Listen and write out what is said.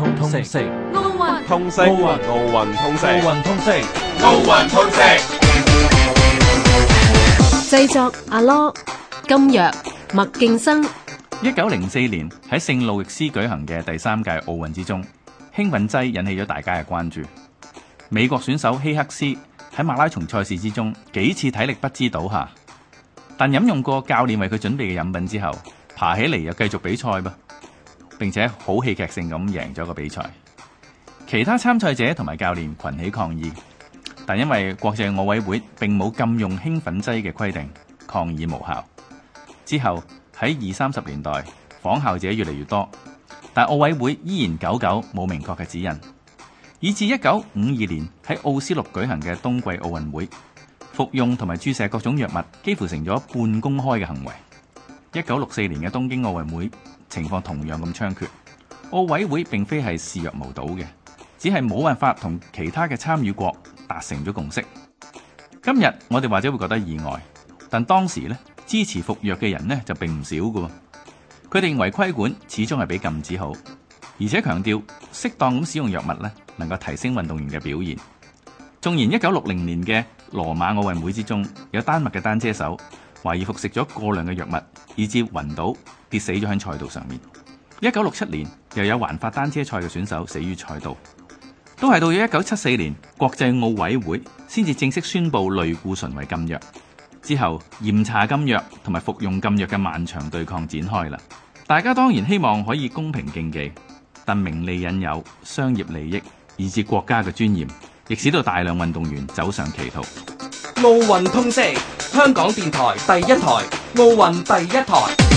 通通識，奧運，奧運，奧運通識，奧運通識，奧運通識。製作：阿羅、金若、麥敬生。一九零四年喺聖路易斯舉行嘅第三屆奧運之中，興奮劑引起咗大家嘅關注。美國選手希克斯喺馬拉松賽事之中幾次體力不支倒下，但飲用過教練為佢準備嘅飲品之後，爬起嚟又繼續比賽噃。並且好戲劇性咁贏咗個比賽，其他參賽者同埋教練群起抗議，但因為國際奧委會並冇禁用興奮劑嘅規定，抗議無效。之後喺二三十年代，仿效者越嚟越多，但奧委會依然久久冇明確嘅指引，以至一九五二年喺奧斯陸舉行嘅冬季奧運會，服用同埋注射各種藥物幾乎成咗半公開嘅行為。一九六四年嘅東京奧運會情況同樣咁猖獗，奧委會並非係視若無睹嘅，只係冇辦法同其他嘅參與國達成咗共識。今日我哋或者會覺得意外，但當時咧支持服藥嘅人咧就並唔少㗎。佢哋認為規管始終係比禁止好，而且強調適當咁使用藥物咧能夠提升運動員嘅表現。縱然一九六零年嘅羅馬奧運會之中有丹麥嘅單車手，懷疑服食咗過量嘅藥物，以致暈倒跌死咗喺賽道上面。一九六七年又有環法單車賽嘅選手死於賽道，都係到咗一九七四年，國際奧委會先至正式宣布類固醇為禁藥。之後嚴查禁藥同埋服用禁藥嘅漫長對抗展開啦。大家當然希望可以公平競技，但名利引誘、商業利益，以至國家嘅尊嚴，亦使到大量運動員走上歧途。奧運通識，香港電台第一台，奧運第一台。